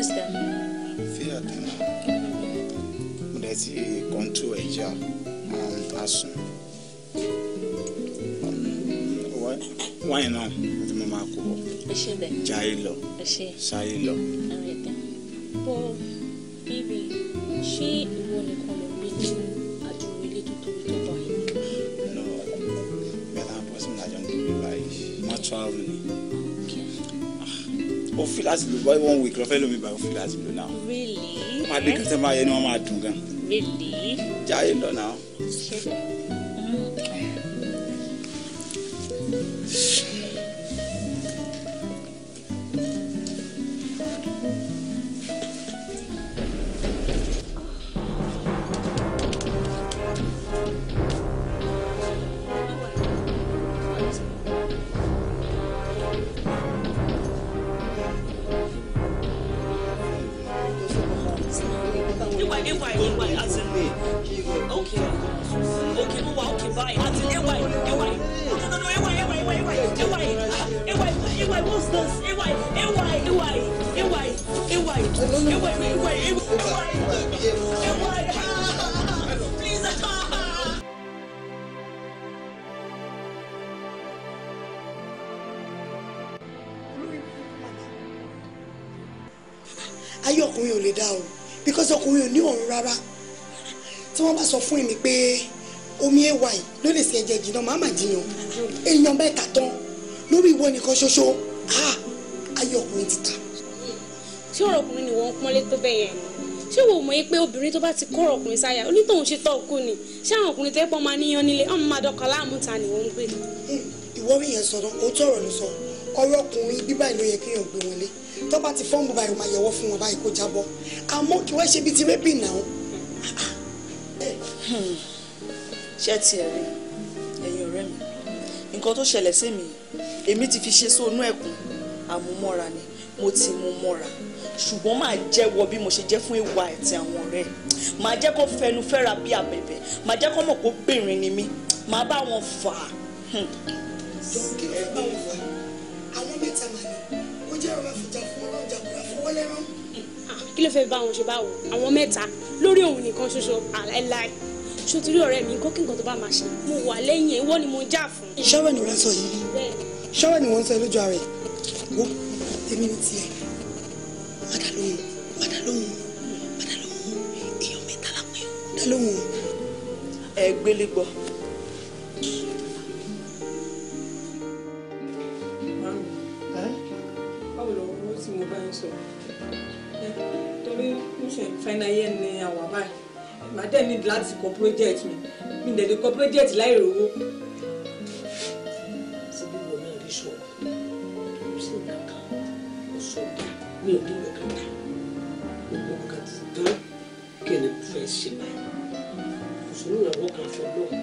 Yes, sir. Fear them. Mo dẹ̀ ti kọ́ńtò ẹja asun. Wáyé náà mo ti mọ máa kó bọ̀. Ẹ ṣe bẹ̀. Jayé lọ. Ẹ fi láti lò bọ́ one week lọ́fẹ́ lómi bá fi láti náà. really. máa dé kí n sẹ́ máa yẹ ni wọ́n máa dùn gan. really. jáde lọ náà. NY, as in me. Okay. Okay, no, okay, bye. As in NY, NY. No, no, no, NY, NY, NY, NY. NY, NY, NY, what's this? NY, NY, NY, NY, NY, NY, NY. because ọkùnrin ò ní ọ̀run rárá tí wọ́n bá sọ fún mi pé omi ẹ̀wà yìí ló lè ṣe ẹ̀jẹ̀ jìnnà màmá jiyàn èèyàn mẹ́ta tán lórí ìwọ nìkan ṣoṣo ayé ọkùnrin ti ta. ṣé ọ̀rọ̀ ọkùnrin ni wọ́n ń pọ́nlé tó bẹ́ẹ̀ yẹn ṣé wò mọ̀ pé obìnrin tó bá ti kọ́ ọkùnrin sáyà onítọ̀hún ṣe tọ́ ọkù ni ṣé àwọn ọkùnrin tẹ́ pọ́n máa níyan nílé ọmọ máa dọkọ̀ láàmú ta ni wọ́n ń gbé. ìwọ mi yẹn sọ̀rọ̀ òótọ́ ọ̀rọ̀ ló sọ ọ̀rọ̀ ọkùnrin bíbá ìlú yẹ kéèyàn gbé wọn lé tó bá ti fọ́ọ̀mù báyìí máa yẹwọ́ fún wọn báyìí kó jábọ́ àmọ́ kí wọ́n ṣe bí ti rébì náà. ṣé tiẹ̀ rí ẹ̀yin ọ̀rẹ́ mi nǹkan tó ṣẹlẹ̀ sí mi èmi ti fi ṣe sóònú ẹ̀kún àmúmọ́ra ni mo ti mú mọ́ra ṣùgbọ́n máa jẹ́wọ́ bí mo ṣe jẹ́ fún ìwà àti àwọn ọ̀rẹ́ máa jẹ́ kó fẹnu fẹ́ra bí abẹ̀bẹ̀ máa jẹ́ kó mọ̀ kó bìnrin ni mí máa bá wọn fà á. jókè ẹ bá wọn fà á mẹ́ta mà ní ó jẹ́ ọ̀rọ̀ àfìjà fún ọ̀rọ̀ ìjàkúrà fọwọ́ lẹ́rán. Hmm, kí ló fẹ́ bá wọn ṣe báwo àwọn mẹ́ta lórí òun nìkan ṣoṣo àláìláì sotori ọ̀rẹ́ mi kókè nǹkan tó bá máa ṣe mo wà lẹ́yìn ẹ̀ ni mo já fún. ṣọ́wẹ́ ni wọ́n sọ yìí ṣọ́wẹ́ ni wọ́n sọ lójú ara ẹ̀ wo èmi ni tiẹ̀ padà lóhùn padà lóhùn padà lóhùn èèyàn mẹ́ta láti kọ project mi mi dẹ̀ lè kọ project láì rówó. síbí wo náà rí sọ kò sí nǹkan kan kò sọ mi ò ní nǹkan kan gbogbo nǹkan ti tán kí ni mo fẹ́ ṣe báyìí kò sí ìrànwọ́ kan fún ọ náà.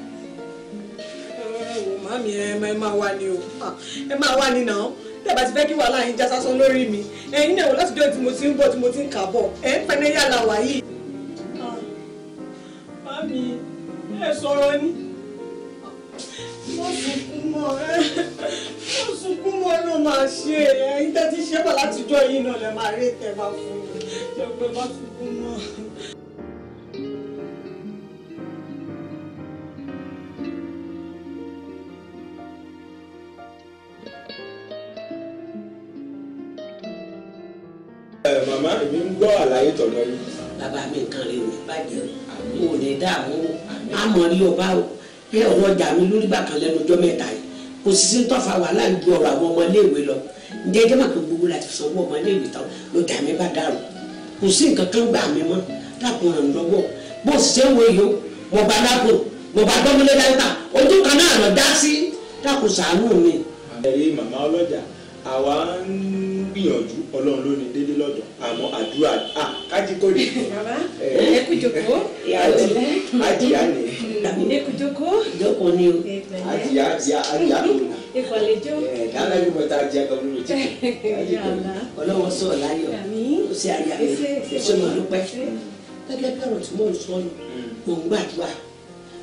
màmí ẹ máa wá ni o ẹ máa wá ni náà tẹ́bà ti fẹ́ kí wàhálà yín já sásán lórí mi ẹ̀yin náà láti dé tí ń bọ̀ tí mo ti ń kà bọ̀ ẹ̀ ń pẹ́ ní yàrá wàyí. sọ̀rọ̀ ni mo sunkún mọ́ ẹ mo sunkún mọ́ ẹ náà máa ṣe ẹ̀yin tẹ́ ti ṣẹ́pà látijọ́ yìí náà lè máa rí ìtẹ̀ máa fún mi jẹ́ pé má sunkún mọ́. màmá mi ń gbọ́ àlàyé tọ̀dọ̀ yìí. bàbá mi kan rí o bàjẹ́ o ní dáàmú o àmọ́ rí ọba o pé ọ̀rọ̀ ọjà mi lórí bàkan lẹ́nu ọjọ́ mẹ́ta yìí kò sì sí tọ́fà wàhálà ju ọ̀rọ̀ àwọn ọmọléèwé lọ ǹjẹ́ ẹjẹ́ màkà gbogbo láti sanwó ọmọléèwé tán ló dà mí bá dàrú kò sí nǹkan kan gbà mí mọ́ dàpọ̀ ràn lọ́wọ́ bó sì ṣe ń wo èyí mo bá dàpọ̀ mo bá gbọ́mọlé dáńtà ojú kan náà lọ dá sí dàpọ̀ sàánú mi. àbẹ̀rẹ̀ màmá ọlọ́jà àwa gbìyànjú ọlọ́run ló ní dédé lọ́dọ̀ àmọ́ àdúrà à kájí kò dé. bàbá ẹ kú jókòó ìyàwó àjìyá ni. ẹ kú jókòó. jókòó ni o àjìyá àjìyá àjìyá kò ní. ìfọ̀lẹ́jọ́. ẹ dáná bí mo ta àjìyá kan lórí ti kò ní. ọlọ́wọ́ sọ láyọ̀ ó ṣe àyà mi ó ṣe mo dúpẹ́ gẹ́gẹ́ bí ọ̀rọ̀ tí mò ń sọ yìí mm. mò ń gbàdúrà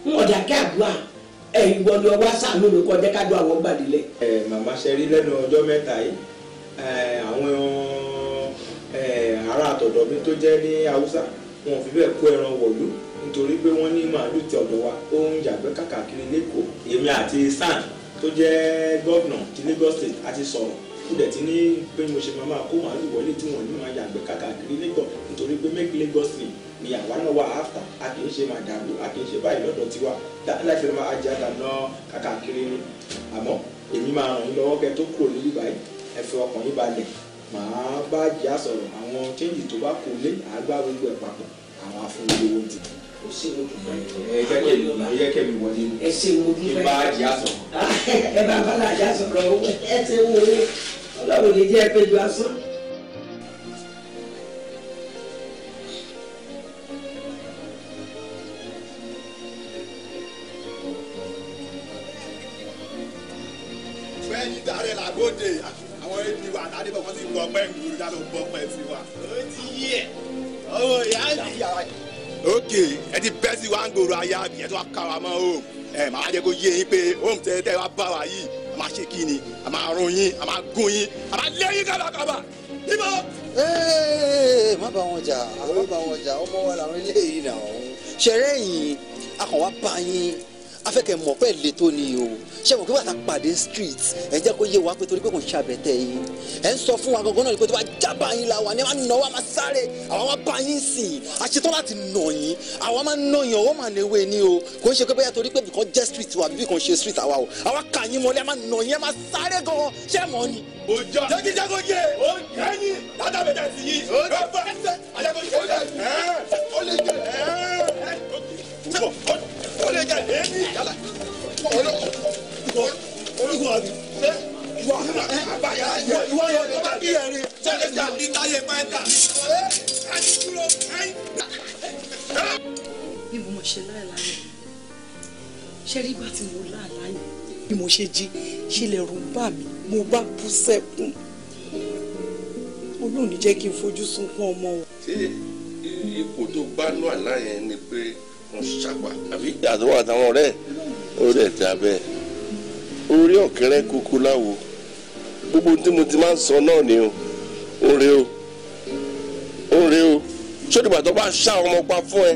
ń ọ̀dà kí àdúrà ẹ̀yìn gbọ́dọ̀ wá sàánú mi kọjá ká àwọn ará àtọ̀dọ̀ mi tó jẹ́ ní haúsá wọn ò fi bẹ́ẹ̀ kó ẹran wọ̀lú nítorí pé wọ́n ní màálù ti ọ̀dọ̀ wa ó ń yàgbẹ́ kàkàkiri lẹ́kọ̀ọ́ èmi àti san tó jẹ́ gọ́vnà ti Lagos State àti sọ̀rọ̀ ó dẹ̀ ti ní pé mo ṣe máa kó màálù wọlé tí wọ́n ní máa yàgbẹ́ kàkàkiri lẹ́kọ̀ọ́ nítorí pé make Lagos State ni àwa náà wà áfà a kì í ṣe màdàlú a kì í ṣe báyìí lọ́dọ̀ tiwa láti máa ajá dáná kàkàkiri àmọ́ èmi máa ràn yín lọ́wọ́ kẹ́ tó kúrò níbí ẹ fi ọkàn yín balẹ̀ màá bá ìyá sọ̀rọ̀ àwọn chẹ́ǹjì tó bá kò lé àgbà gbogbo ẹ̀ papọ̀ àwọn afúnilówó jù. ó sì ń dùn ẹ jẹ́ kí èmi wọlé jẹ́ kí èmi wọlé ẹ ṣe wo bí fẹ́ kí n bá ìyá sọ̀rọ̀. ẹ bá bá ìyá sọ̀rọ̀ ẹ ṣe wo ọlọ́run lè jẹ́ ẹ pé ju asán. wa mọ́ home ẹ̀ máa jẹ́ kó yé yín pé home tẹ́ tẹ́ wá bá wa yìí a máa ṣe kí ni a máa run yín a máa gún yín a máa lé yín kábàkábà níbo. má bá wọn jà má bá wọn jà ọmọ wa làwọn eléyìí náà ṣẹrẹ yìí a kàn wá bá yín afẹ́kẹ̀ mọ̀ pẹ́ lè tó ni o ṣé mo kí wàá ta pàdé street ẹ jẹ́ kó yé wa pé torí pé kò ń ṣàbẹ̀tẹ̀ yìí ẹ ń sọ fún wa gangan náà ni pé tó bá jábà yín la wà ní máa nà wá máa sáré àwa máa bá yín sìn àṣetán láti nà yín àwa máa nà yín ọwọ́ máa léwé ni o kò ń ṣe pé bóyá torí pé bìkan jẹ́ street wa bíbí kan ṣe street àwa o àwa kà yín mọ́lẹ́ máa nà yín máa sáré gan ṣé mọ́ ni. òjò jẹ́gídẹ́gọ́ ó lè jẹ èmi yàrá olùkọ́ àbí ṣé ìwà fúnra àbáyà yẹ ìwà yẹ tó bá bí ẹni tẹ́lẹ̀ jà ní táyé mo ṣe láìláyè ṣe rí bá ti mo láàláyè bí mo ṣe jí ṣe lè mi mo bá bú sẹ́kún olóòní jẹ́ kí n fojú sunkún ọmọ o. ṣé ipò tó bá nù àlá ni pé wọ́n ṣàpà àbí àtọwọ́ àtàwọn ọ̀rẹ́ ó dẹ̀ dà bẹ́ẹ̀ orí ọ̀kẹ́rẹ́ kúkú láwo gbogbo tí mo ti máa ń sọ náà ni o ó rè o ó rè o sódìgbà tó bá ṣá ọmọ pa fún ẹ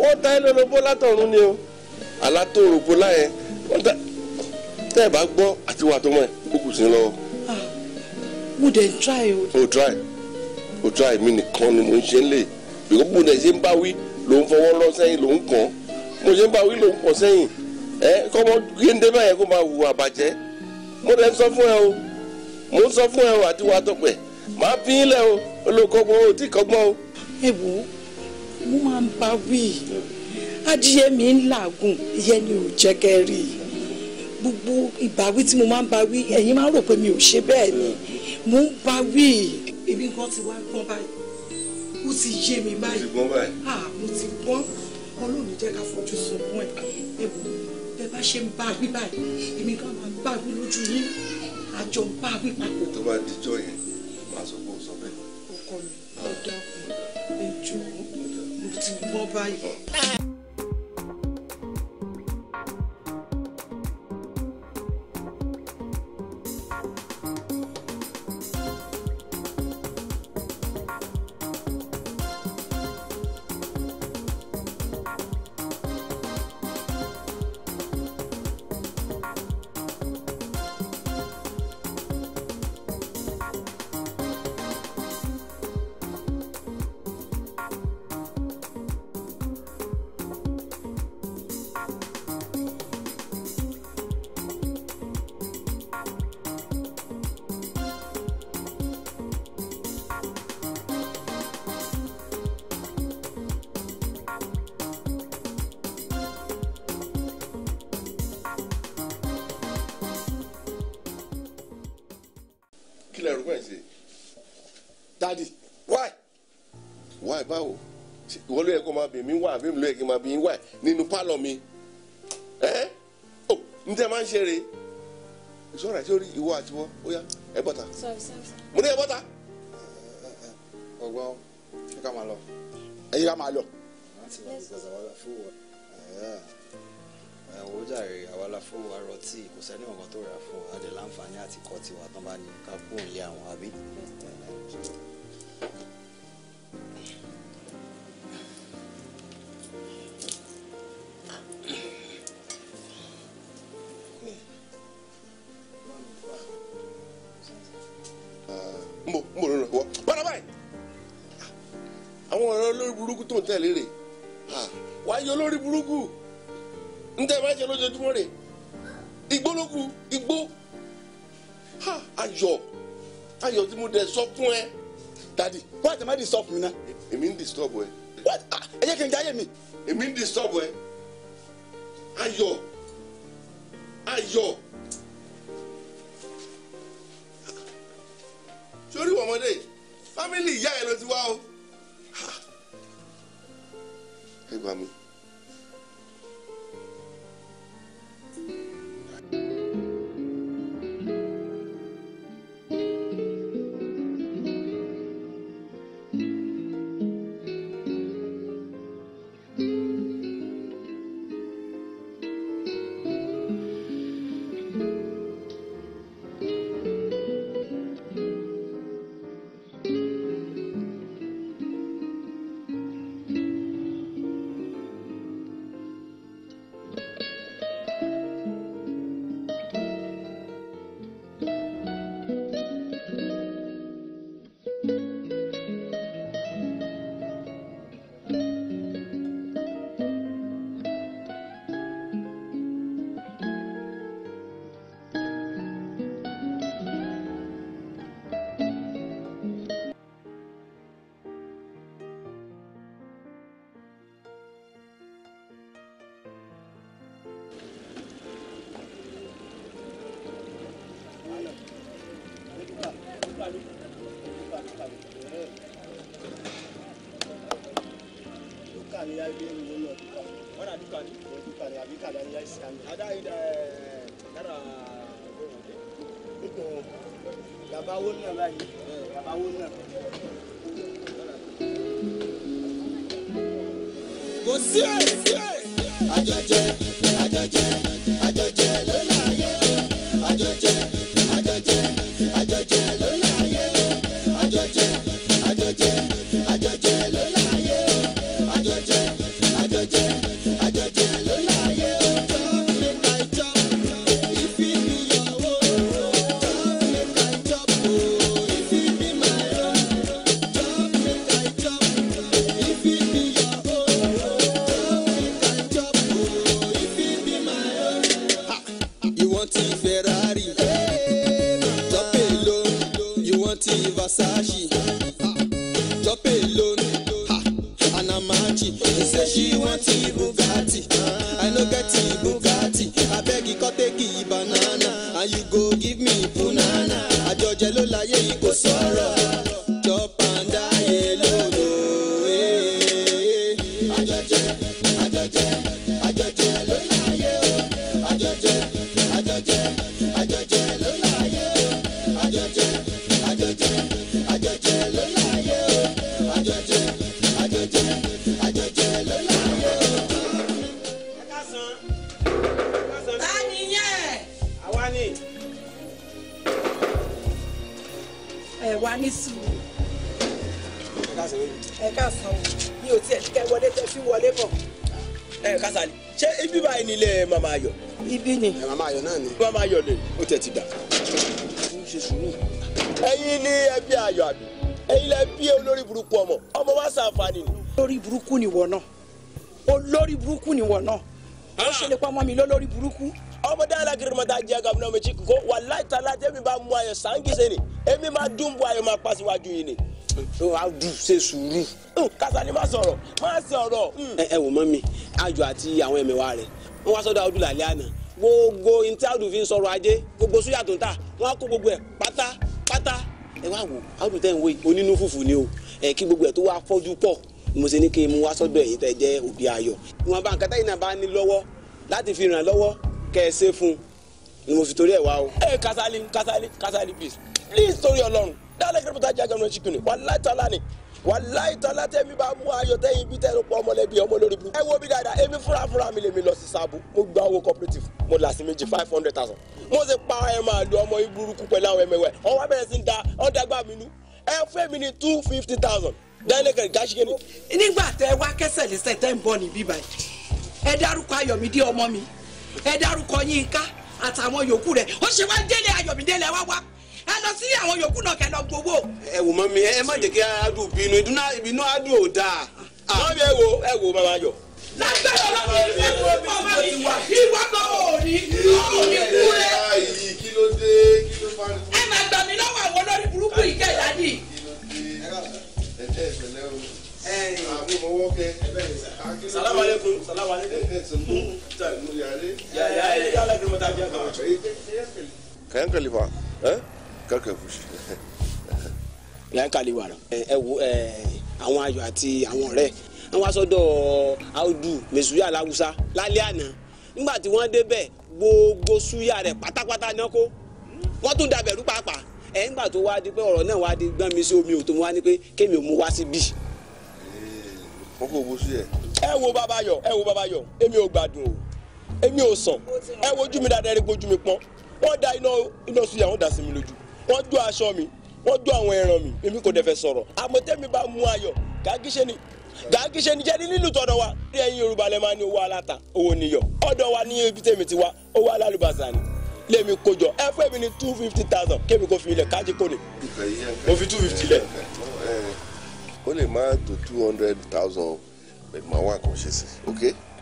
wọ́n ta ẹ lọ́lọ́bó látọ̀run ni o alátòròbó láyẹn wọ́n ta tẹ́ ẹ bá gbọ́ àti wà tó mọ̀ ẹ́ ó kù sí lọ́wọ́. Ah, mo dẹ̀ try o. o try o try mi nìkan ni mo ń ṣe ń lè bí mo dẹ̀ ṣe ń bá wí ló ń fọwọ́ lọ sẹ́yìn ló ń kàn mo ṣe ń bá wí ló ń kàn sẹ́yìn ẹ kọ́mọ géńdé báyẹn kó máa hùwà bàjẹ́ mo dẹ̀ ń sọ fún ẹ o mo ń sọ fún ẹ o àti wàá tọpẹ́ màá fi í lẹ̀ o olùkọ́gbọ́n o tí kọ́gbọ́n o. ẹ mo máa ń bá wí adìyẹ mi ń làágùn ìyẹn ni ò jẹ́ kẹ́ rí i gbogbo ìbáwí tí mo máa ń báwí ẹ̀yin máa ń rò pé mi ò ṣe bẹ́ẹ̀ ni mo ń báwí èmi kan ti wá gbọ́n báyìí ó ti yé mi báyìí. mo ti gbọ́n ah mo ti gbọ́n ọlọ́run jẹ́ ká fojú sunkún ẹ̀ ẹ wò bẹ́ẹ̀ bá ṣe ń bá wí báyìí èmi kan máa ń bá wí lójú yín àjọ ń bá wí papọ̀. tó bá dijọ́ yẹn máa sọ pé o sọ bẹ́ẹ̀. ọkọ mi ah. ọdọ ọkùnrin ẹjọ mo ti gbọ́n báyìí. bẹ̀ mí wà àbí mi ló kí n máa bí yín wà nínú pálọ̀ mi ẹ́ ò oh, máa ń ṣe rè ìṣọ́ra tí rí ìwọ àti wọ́ ó yá ẹ bọ́ta mo ní ẹ bọ́ta. ọgbọ́n ṣé ká máa lọ. ẹ yí ká máa lọ. ẹ̀wọ̀n jàre àwa la fún wa rọtí kò sẹ́ni ọ̀kan tó rà fún wa á láǹfààní àti kọ́ tiwa tán bá ní ká kúrò ní àwọn àbí. tẹ̀lé rè wáyé olórí burúkú ntẹ bá ṣe lójoojúmọ́ rè igbó ló kù igbó ayọ̀ ayọ̀ tí mo dẹ̀ sọ fún ẹ. dadi wọ́n àti má disturb mi náà. èmi ń disturb ẹ. wọ́n ẹ jẹ́ kí n jáyé mi. èmi ń disturb ẹ ayọ̀ ayọ̀. ni ya gbé ìwé náà duka ni. wọ́n na duka ni. o duka ni àbí kàdá ya ṣe àmì. ada yi dẹ dara gbogbo de. n tọ yaba wo nà la yi wo nà. kò sí ẹ̀ sí ẹ̀. àjọjẹ àjọjẹ lè ẹ wá ní sùúrù ẹ káàsán o mi ò tiẹ̀ kẹ́ wọlé tẹ́ fi wọlé bọ̀. ẹ kásálì ṣé ibi báyìí nílé màmá ayọ̀. ibi ni. ẹ màmá ayọ̀ náà ni. màmá ayọ̀ lè ó tẹ̀ ti dà. ẹ̀yin ni ẹbí ayọ̀ àbí ẹ̀yin lẹ bí olórí burúkú ọmọ ọmọ wa ṣàǹfààní ni. olórí burúkú ni wọ náà olórí burúkú ni wọ náà ó ṣe lè pa ọmọ mi lólórí burúkú. ọmọdé alágírímọ́tà mọta gọ́vnà mi chikú kó wàláhì tàlá tẹ́mi bá mú ayọ̀ sáńgísẹ́ ni èmi máa dùn bọ́ ayọ̀ máa pàṣíwájú yìí ni. wàá dùn ṣe sùúrù. kásá ni sọ̀rọ̀ ẹ ẹ wò mi àti àwọn wá ajé gbogbo súyà tó ń gbogbo pátá pátá ẹ wá wò àdùn ń wé o ẹ eh, kí gbogbo e tó wá fọ́jú pọ̀ mo ṣe ní kí n mú wá jẹ́ òbí ayọ̀ ìwọ̀nba nǹkan táyìn náà bá ní lọ́wọ́ kẹ́ ẹ ṣe fún un ni mo fi torí ẹ̀ wá o. ẹ Kasali Kasali Kasali please please torí Ọlọ́run dáhùn ẹgbẹ́ pọ̀tà jágẹ̀ ọ̀nà chicken wàláì tọ́lá ni wàláì tọ́lá tẹ́mi bá mú ayọ̀ tẹ́yìn bí tẹ́lẹ̀ pọ̀ ọmọlẹ́bí ọmọ lórí burúkú. ẹ wo bí dáadáa èmi fúnra fúnra mi lèmi lọ sí sáàbù mo gba owó cooperative mo là sí méjì five hundred thousand mo sì pa ẹ máa lu ọmọ ibùrúkú pẹ̀lú àwọn ẹmẹ̀wẹ̀ ọwọ́ abẹ́rẹ́ sí ń da ọ̀dàgbà mi nú ẹ fún èmi ní two fifty thousand dáhùn ẹgbẹ́ gáṣíkẹ́ ni. nígbà tẹ wá kẹsẹ̀ lẹ́sẹ̀ tẹ́ ń bọ̀ níbí báyìí ẹ dárúkọ Ayọ̀mídé ọmọ mi ẹ dárúkọ Yínká àtàwọn yòókù rẹ̀ ó ṣe wá délé Ayọ̀mídélé wá wá ẹ lọ sí àwọn yòókù náà kẹ lọ gbowó. ẹ wò mọ mi ẹ má jẹ kí adu bínú ìbínú adu ò dáa. wọ́n bẹ wo ẹ wo bàbá yọ. lágbára ọlọ́run ìfẹ́ tó ń bọ̀ wá mi ìwà kan ò ní kú rẹ̀. ẹ máa gbà mí lọ́wọ́ salamu aleykum salamu aleykum ya ya ya ala biya kama ka yankali fa kar fushi yankali wa ẹ wo àwọn ayọ̀ àti àwọn ọ̀rẹ́ àwọn asọdọ audu mesuya lawusa lálẹ́ àná nígbà tí wọ́n débẹ̀ gbogbo suya rẹ̀ pátápátá náà kó wọ́n tún dàbẹ̀rú pàápàá ẹ̀ nígbà tó wá di pé ọ̀rọ̀ náà wá di gbọ́n mi sí omi òtò wọn wá ní pé kémi ò mú wá síbí. Si àkókò owó sí ẹ. ẹ wo bàbá yọ ẹ wo bàbá yọ èmi ò gbádùn o èmi ò sàn ẹ wojú mi dáadáa ẹ rí mi pọ́n wọ́n da iná iná suya wọ́n dà sí mi lójú wọ́n jó aṣọ mi wọ́n jó àwọn ẹran mi èmi kò dẹ̀fẹ̀ sọ̀rọ̀ àmọ̀tẹ́mi bá mú ayọ̀ gàgíṣe ni gàgíṣe ni jẹ́ ní nílùú wa rí ẹ̀yin Yorùbá lẹ́ máa ní owó aláta owó níyọ̀ ọ̀dọ̀ wa ní ibi tèmi ti wá owó alálùbáṣà ni lèmi kojọ ẹ fún èmi ní two fifty thousand kémi kò fi ilẹ̀ kájí kò ní mo fi two fifty lẹ̀ ó lè má tó two hundred thousand pẹ̀lú máa wá nǹkan ṣe sí ok.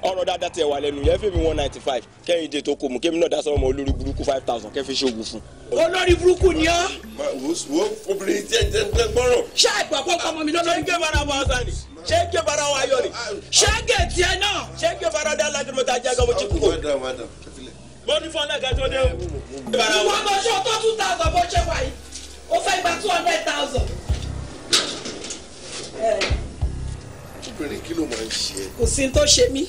ọ̀rọ̀ dáadáa tẹ wà lẹ́nu yẹn fèmí one ninety five kẹ́yìn dé tó kò mú kémi náà dá sọ́mọ olórí burúkú five thousand kẹ́fí ṣoògùn fún. olórí burúkú ni ọ́. wo obìnrin jẹ jẹ jẹ gbọ́rọ̀. ṣé ìpàkọ́ ọmọ mi lọ́dọ̀. ṣé ké bara wa ọ̀sán ni ṣé ké bara wa ayọ̀ ni ṣé ké tiẹ̀ náà ṣé ké bara dá ládùn mọ́ta jẹ́ gọ́mọ́ tí kúkú. mo ní fọ́nlẹ̀ gàdúrà dé o. ìwọ ọmọ ṣe ọtọ́ two thousand bó ṣe wà yìí ó fẹ́ gba two hundred thousand obìnrin kí ló máa ń ṣe ẹ. kò sí tó ṣe mí.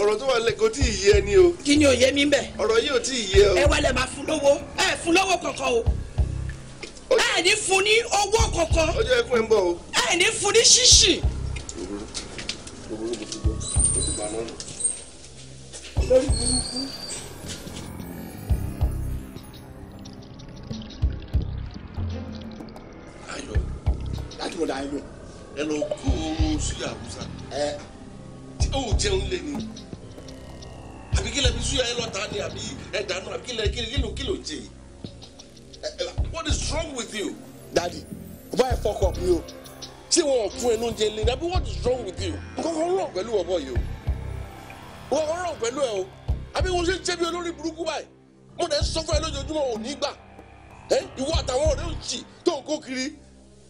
ọ̀rọ̀ tó wà lẹ̀ kò tí ì yé ẹ ni o. kí ni ò yé mi bẹ̀. ọ̀rọ̀ yìí ò tí ì yé ọ. ẹ wà máa fún lówó ẹ fún lówó kankan o. ẹ ní fún ní owó kankan. ọjọ́ ẹkún ẹ ń bọ̀ o. ẹ ní fún ní ṣíṣì. lórí láti mọ̀ dá ayọ̀ ẹ lọ kó oorun suya àbúsà ó jẹun lé ni àbí kílẹ̀ bí suya ẹ lọ ta ni àbí ẹ dànù àbí kílẹ̀ kílẹ̀ kílò kílò jẹ what is wrong with you. dadi bá ẹ fọkọ mi o tí wọn fún ẹnu oúnjẹ lé ni àbí what is wrong with you. nǹkan kan rọ̀ pẹ̀lú ọ̀bọ yìí o wọ́n kan rọ̀ pẹ̀lú ẹ o àbí wọ́n ṣe ń jẹ́bi olórí burúkú báyìí mo dẹ̀ sọ fún ẹ lójoojúmọ́ ò ní gbà ẹ ìwọ àtàwọn ọ̀rẹ́ òjì tó ń kó kiri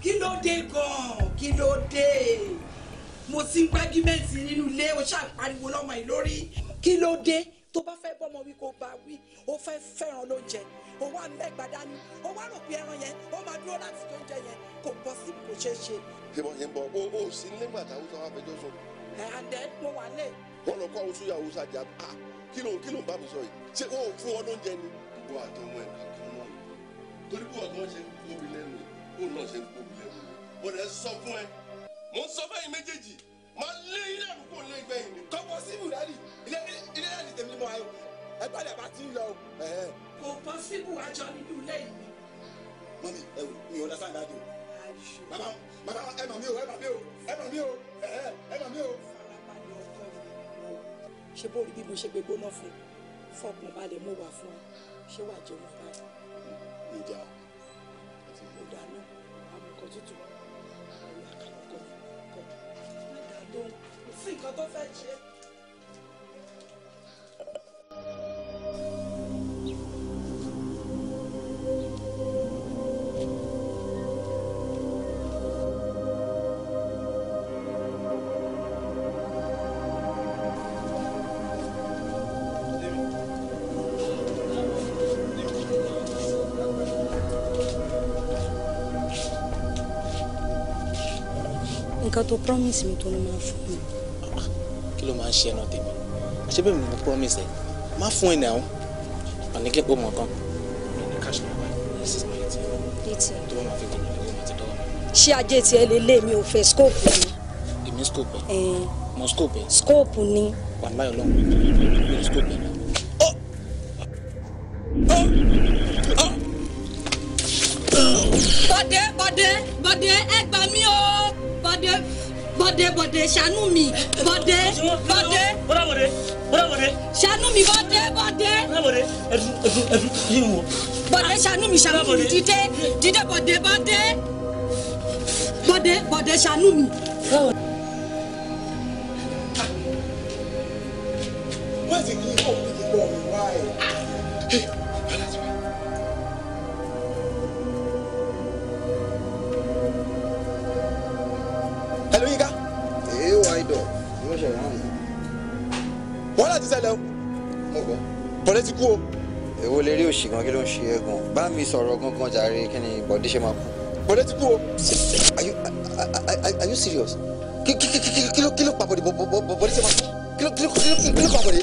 kí ló dé gan-an kí ló dé mo ti ń gbágímẹ́ǹtì nínú ilé o ṣáà pariwo lọ́mọ yìí lórí kí ló dé tó bá fẹ́ bọ́mọ wí kó bá wí ó fẹ́ fẹ́ràn ló jẹ ó wá mẹ́gbàá dání ó wá rò pé ẹran yẹn ó máa dúró láti tó jẹ yẹn kò bọ́ sí kò ṣeé ṣe. ìbọn yẹn bọ o ò sí nígbà tá a wúsọ wàá fẹjọ́ sùn. ẹ àdẹ mo wà lẹ. wọn lọ kó awusu yà awusu àjà a kí ló kí ló bá mi sọ yìí ṣé o ò fún ọdún jẹ ni. wọ́n àtọ́ wọn ẹ̀ kàkọ́ náà torí bí mo lè sọ fún ẹ mo ń sọ fún ẹ̀yin méjèèjì mo lé ilé àkókò lé ìgbẹ̀yìn ni. kọ́kọ́ sí bùrẹ́dì ilé ilé ẹ̀dì tèmi mọ ayọ̀ ẹ gbọ́dọ̀ bá ti ń lọ. kò bọ́ sí bùwájọ nínú ilé yìí. mọ́mi ẹ wò mi ò lọ sáà dájú. bàbá bàbá ẹ mà mí o ẹ mà mí o ẹ mà mí o ẹ mà mí o. ṣé bó rí bí mo ṣe gbé gbóná fún fọkàn balẹ̀ mo wà fún ọ ṣé wàá jẹun àbáyé. ìjà àti ìdáná àmọ̀kọ́ tuntun. tó kò sí nǹkan tó fẹ́ ṣe. tó promise mi tó ló máa fún mi. kí ló máa ń ṣe ẹnu tèmi àṣẹ bẹ́ẹ̀ mi mo promise ẹ má fún ẹ náà ọ̀nì kí o mọ̀ kan mi ní cash number this is my atm tó bá máa fi gbọ̀nà lórí màtí dọ́wọ́ mi. ṣé ajé tiẹ̀ lè lé mi ò fẹ́ scope ni. èmi scope ẹ mo scope ẹ. scope ni. wàhálà Ọlọ́run mi ò scope ẹ. bọ̀dé ṣàánú mi bọ̀dé bọ̀dé. bọ́dá bọ̀dé bọ́dá bọ̀dé. ṣàánú mi bọ̀dé bọ̀dé. bọ́dá bọ̀dé ẹ̀dùn ẹ̀dùn ẹ̀dùn yìí wọ̀. bọ̀dé ṣàánú mi ṣàánú mi dídé dídé bọ̀dé bọ̀dé bọ̀dé bọ̀dé ṣàánú mi. wọ́n ti kí ọ̀hún ti kú o. èwo lè rí òṣì gan kí ló ń ṣe é bá mi sọ̀rọ̀ gangan jàre kí ni bọ̀dé ṣe máa kú. bọ̀dé ti kú o. are you serious? kí ló kí ló pa bọ̀dé bọ̀dé ṣe máa kú kí ló kí ló kí ló pa bọ̀dé.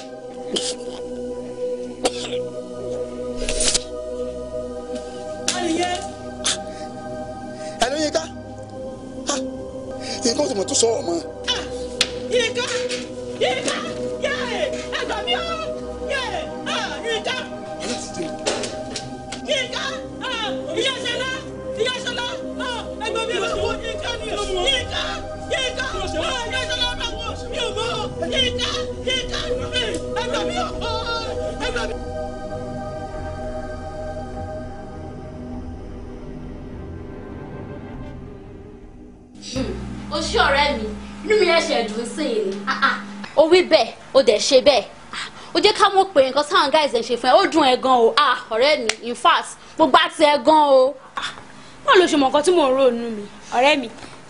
ṣe bẹ́ẹ̀ ó jẹ́ ká mọ̀ pé nǹkan táwọn guys ẹ̀ ń ṣe fún ẹ ó dùn ẹ gan o ah ọ̀rẹ́ mi in fact gbogbo àti ẹ gan o ah wọn ṣe mọ̀ nǹkan tí mò ń ronú mi ọ̀rẹ́ mi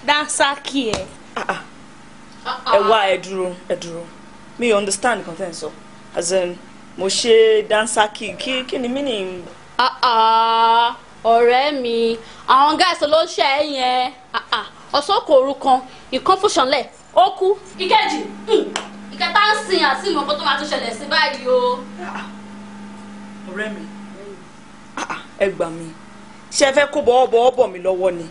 dáńsá kì ẹ. ẹ wá ẹ dúró ẹ dúró mi ò understand nǹkan tẹ́ ń sọ as in mo ṣe dáńsá kì kí kí ni mí ah, ah, ọ̀rẹ́ mi àwọn guys ló ṣe ẹ yẹn ah, ọ̀sán kò orúkan ó kú. ìkejì. Hmm ìkẹta ń sìn àti ìmọ̀ tó máa tún ṣẹlẹ̀ sí báyìí o. ọ̀rẹ́ mi ah, ah, ẹ gbà mí ṣé ẹ fẹ́ kó bọ́ọ̀ bọ̀ mí lọ́wọ́ ni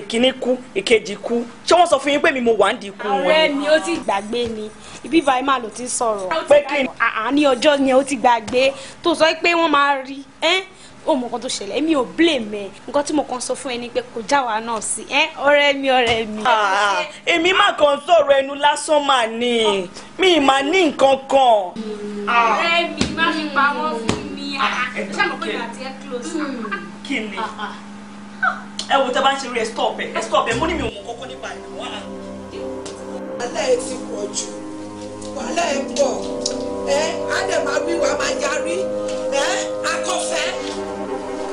ìkíní kú ìkejì kú ṣé wọ́n sọ fún yín pé mi mo wà ń di ikú wọn. ọ̀rẹ́ mi ó ti gbàgbé ni ibi báyìí máa lò ti sọ̀rọ̀ pé kí ni. àní ọjọ́ yẹn ó ti gbàgbé tó sọ pé wọ́n máa rí ẹ́ ó mọ nǹkan tó ṣẹlẹ̀ èmi ò blame ẹ nǹkan tí mo kàn sọ fún ẹni pé kò já wa náà sí ẹ ọ̀rẹ́ mi ọ̀rẹ́ mi. èmi má kàn sọ̀rọ̀ ẹnu lásán mà ní mi mà ní nǹkan kan. ọ̀rẹ́ mi má fi pamọ́ fún mi ah, ẹ ṣàmọ̀ pé ìgbà ẹ close. Hmm. kí ni ẹ wo tẹ bá ń ṣe rí ẹ stop ẹ stop ẹ mo ní mi ò mọ nípa ẹ wá. wàhálà ẹ ti pọ̀ jù wàhálà ẹ pọ̀ ẹ á dẹ̀ máa bí máa yarí ẹ akọ́fẹ́.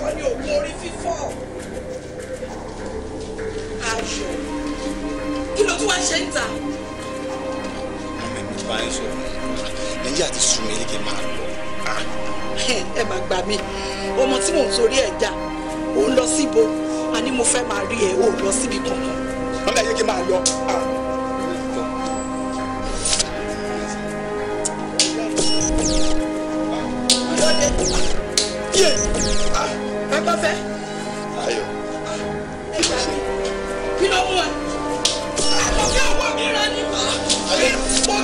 wọ́n ní oògùn orí fífọ́ ayọ̀ kí ló tún wá ṣe ń ta. àmì bá ń sọ nàìjíríà ti sún mi lékè máa lọ. ẹ máa gbà mí ọmọ tí mò ń torí ẹ̀ já ò ń lọ síbo a ní mo fẹ́ máa rí ẹ ò lọ síbi kankan. wọ́n lè kí n máa lọ.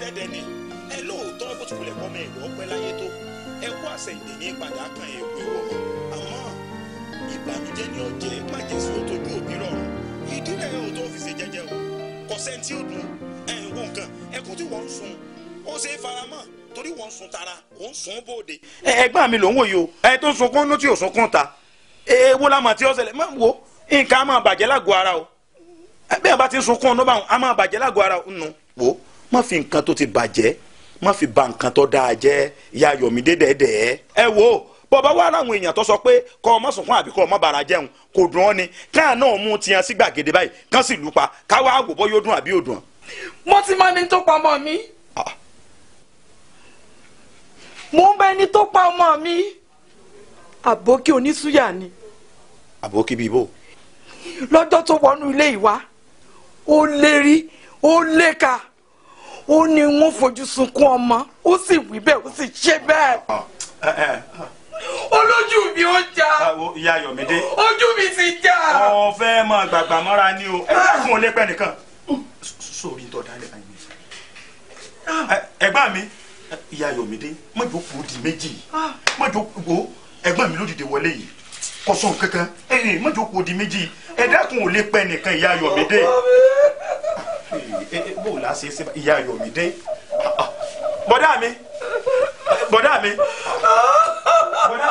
dẹ́dẹ́ ni ẹ lóòótọ́ bó ti kulẹ̀ kọ́mọ ẹ̀rọ ọpẹ́ láyé tó ẹ kó àṣẹ̀yìndè ní padà kan ẹ̀ pé wọ̀ àmọ́ ìbànújẹ́ ni ó jẹ́ májèsí ó tójú òbí rọrùn ìdí rẹ̀ ò tó fi ṣe jẹ́jẹ́ o kò sẹ́ńtì ó dùn ẹ̀ ń wo nǹkan ẹkùn tí wọ́n ń sun ó ṣe é faramọ́ torí wọ́n ń sun tara ó ń sun bóde. ẹgbẹ́ mi ló ń wòye o ẹ tó ń sunkún ní tí ò sunkún ta ewo lamọ̀ tí ó ṣẹlẹ̀ máa wo nǹkan á máa bàjẹ́ lágọ̀ọ́ ara o bẹ́ẹ̀ bá ti sunkún ọ̀nà báwọn á máa bàjẹ́ lágọ̀ọ́ ara o nù wò má fi nǹkan tó ti bàjẹ́ má fi ba nǹkan tó dáa jẹ́ ìyá Yọ̀mídé dẹ́dẹ́ ẹ wo bọ́ọ̀bá wà láwọn èèyàn tó sọ pé kọ́ ọ má sunkún àbí kọ́ ọ má bara jẹun kò dùn ọ́ ni káà náà mú tiyan sí gbàgede báyìí kán sì lù pa káwá àgbòbọ́ yóò dùn àbí yóò dùn. mo ti mọ ẹni tó pa ọmọ mi ah. mo ń bá ẹni tó pa ọmọ mi àbókí onísúyà ni. àbókí bíi bò. lọ́jọ́ tó wọnú ilé ìwá ó lérí ó léka ó ní wọ́n fojú sunkún ọmọ ó sì wí bẹ́ẹ̀ ó sì ṣe bẹ́ẹ̀ ah, eh, eh, ah. olójú mi ó já. ìyá Yọ̀mídé. ojú mi sì já. ọ fẹ́ mọ gbàgbà mọ́ra ni o ẹ ah. fún un lépẹ́ nìkan. sórí ń tọ́da rẹ̀ ayé ẹ̀gbọ́n mi ìyá Yọ̀mídé mọ̀jọ́ kù di méjì mọ̀jọ́ kù ẹ̀gbọ́n mi ló dìde wọlé yìí kọsọ kankan ee mọjọ kò di méjì ẹ̀dá ò lè pẹ nìkan ìyá Ayọ̀mídé bó o la ṣe ìyá Ayọ̀mídé bọ̀dá mi bọ̀dá mi bọ̀dá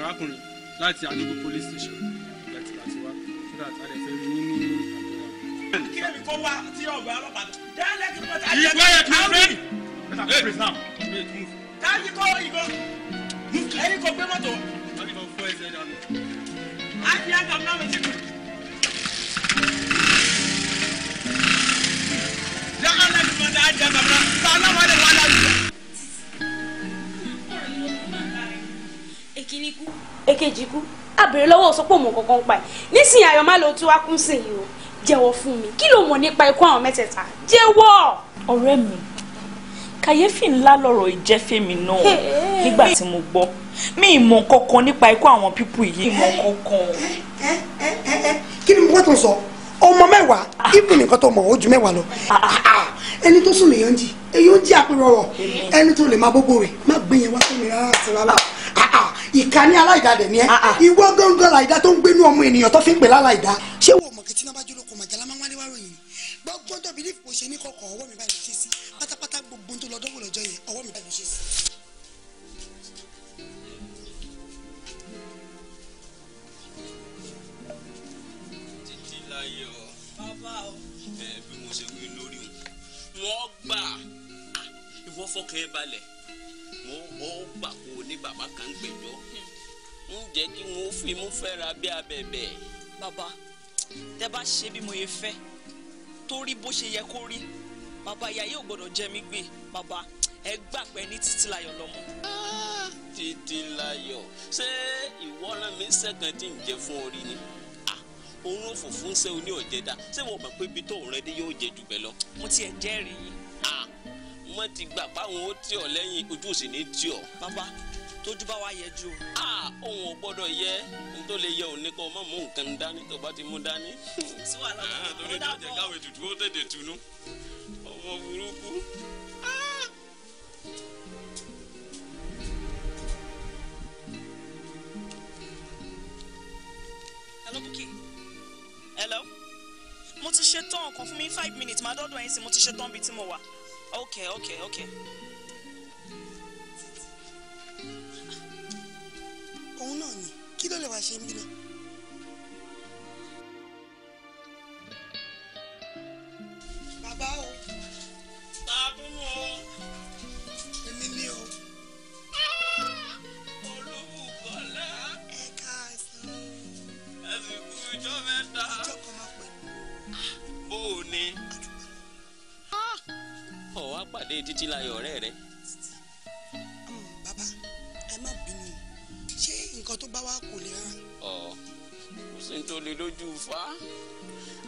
arákùnrin láti Àdógò police station láti láti wá so that a lè fẹ́ rí yín ní àgbẹ̀wá. kí èmi kọ́ wá tí ọ̀gá ọlọ́pàá dáálẹ̀ kí wọ́n ti àyè káyí kọ́ ìgò ẹni kò gbé mọ́tò. a ti yá náà méjì. dáálẹ̀ kí wọ́n ti àyè àwọn ọ̀rẹ́ káyí kọ́ ìgò ẹni kò gbé ni ikú. èkejì ikú àbèrè lọ́wọ́ sọ pé òun kankan pa ẹ̀ nísìnyí ayọ̀ má lọ tún wá kún sí i o jẹ́wọ́ fún mi kí ló mọ̀ nípa ikú àwọn mẹ́tẹ̀ẹ̀ta jẹ́wọ́. ọ̀rẹ́ mi kàyéfì ńlá lọ̀rọ̀ ìjẹ́fẹ̀mí náà nígbà tí mo gbọ́ mi ìmọ̀ kankan nípa ikú àwọn pípù yìí ìmọ̀ kankan. kí ni wọ́n tún sọ ọmọ mẹ́wàá ibi ah. nìkan tó mọ̀ ó ju mẹ́wàá lọ ah, ah, ẹni tó sùn lèyàn jì èyí ó jẹ́ àpérò ọ̀rọ̀ ẹni tó lè máa bógbó rẹ̀ má gbé yẹn wá fún mi rárá sí rárá ìkànnì aláìdá ni ẹ ah, ah. ìwọ gángan aláìdá tó ń gbénú ọmọ ènìyàn tó fi ń pè láláìdá ṣé wò mọ̀ kí tí náà bá jóló kò jàlá máa ń wálé wá ròyìn gbọ́gbọ́n tó bìlífù kò ṣe ní kọ̀ọ̀kan ọwọ́ mi báyìí ló ṣe sí pátápátá gbogbo tó lọ dọ́wọ́ lọ́jọ́ yẹn ọwọ́ mi báyìí ló ṣe sí. títí ah, fọkàn ẹ balẹ̀ wọn gbà kó ní bàbá kan gbẹjọ́ ń jẹ́ kí wọ́n fi mú fẹ́ra bí abẹ̀bẹ̀. bàbá tẹ bá ṣe bí mo yẹ fẹ́ tó rí bó ṣe yẹ kó rí bàbá ìyá yóò gbọ́dọ̀ jẹ mí gbé bàbá ẹ gbà pé ní títí láyọ̀ lọ́mọ. Ah, títí láyọ̀ ṣé ìwọ rán mi sẹ́kàn tí ń jẹ fún orí ni òun òfòfó ń ṣe oní ọ̀jẹ̀dá ṣé wọ́n mọ̀ pé ibi tó rẹ dé yóò jẹ jù bẹ́ẹ̀ lọ. mo ti ẹ̀ jẹ́rìí. wọ́n ah, ti gbà páwọn ó tì ọ́ lẹ́yìn ojú òsì ní tì ọ́. bàbá tójú bá wa yẹ ju. ohun ò gbọ́dọ̀ yẹ n tó lè yẹ òní kọ́ mọ́ mú nǹkan dání tó bá ti mú dání. sí wàhálà náà ah, torí tó jẹ káwé tutù ó tètè tunú ọwọ́ burúkú. Ah! hello Bukky hello mo ti ṣe tán ọkàn fún mi five minutes màá dọ́dọ̀ ẹ̀yìn sí mo ti ṣe tán bíi tí mo wà. ok ok ok. okay. òun náà ni kí ló lè wá ṣe ń bí náà. bàbá o. tààbùn o. èmi ni o. Ah! olúbukọ́lá. ẹ káàsán. ẹ sì kú ìjọ mẹ́ta. ìjọ kan máa pè ah! bó o ní. ọ̀wá ah! pàdé títí láyọ̀ ọ̀rẹ́ rẹ̀. nǹkan tó bá wà kò lè rà. ọ kò sí tó lè lójú fa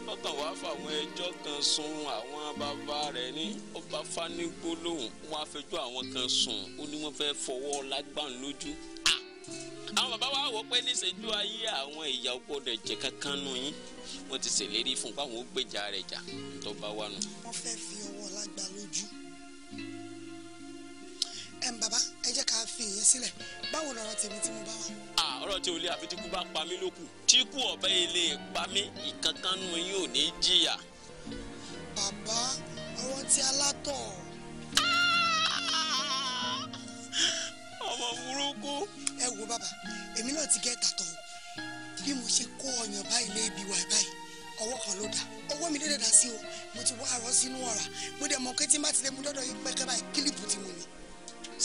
lọ́kàn wàá fàwọn ẹjọ́ kan sun àwọn bàbá rẹ̀ ní ọba fanigbólóhùn wọn á fẹjọ́ àwọn kan sùn ó ní wọ́n fẹ́ẹ́ fọwọ́ lágbàn lójú àwọn bàbá wa wọ pé níṣẹ́jú ayé àwọn ìyá ọkọ rẹ̀ jẹ́ kankan nù yín wọ́n ti ṣèlérí fún un pé ó gbèjà rẹ̀ jà tó bá wà nù. wọ́n fẹ́ fi ọwọ́ lágbà lójú. ẹ̀ ń bàbá ẹ jẹ́ ká fi ìyẹn sílẹ̀ báwo lọ̀rọ̀ tèmi tí mo bá wà. à ọ̀rọ̀ tí olè àfi tí kú bá pa mí lókù tí kú ọ̀bẹ ilé pa mí ìkankanú yín ò ní jìyà. bàbá ọ̀rọ̀ ti alátọ̀. Ah! ọmọ burúkú. ẹ wo bàbá èmi náà ti gẹ́ tàtọ̀ bí mo ṣe kó ọyàn báyìí lé ibi wà báyìí ọwọ́ kan ló dà ọwọ́ mi dédé dà sí o mo ti wá àrọ́ sínú ọ̀rá mo dẹ̀ mọ̀ pé tí ti lè mú dọ́dọ̀ yín pẹ́kẹ́ báyìí kílípù ti mú ni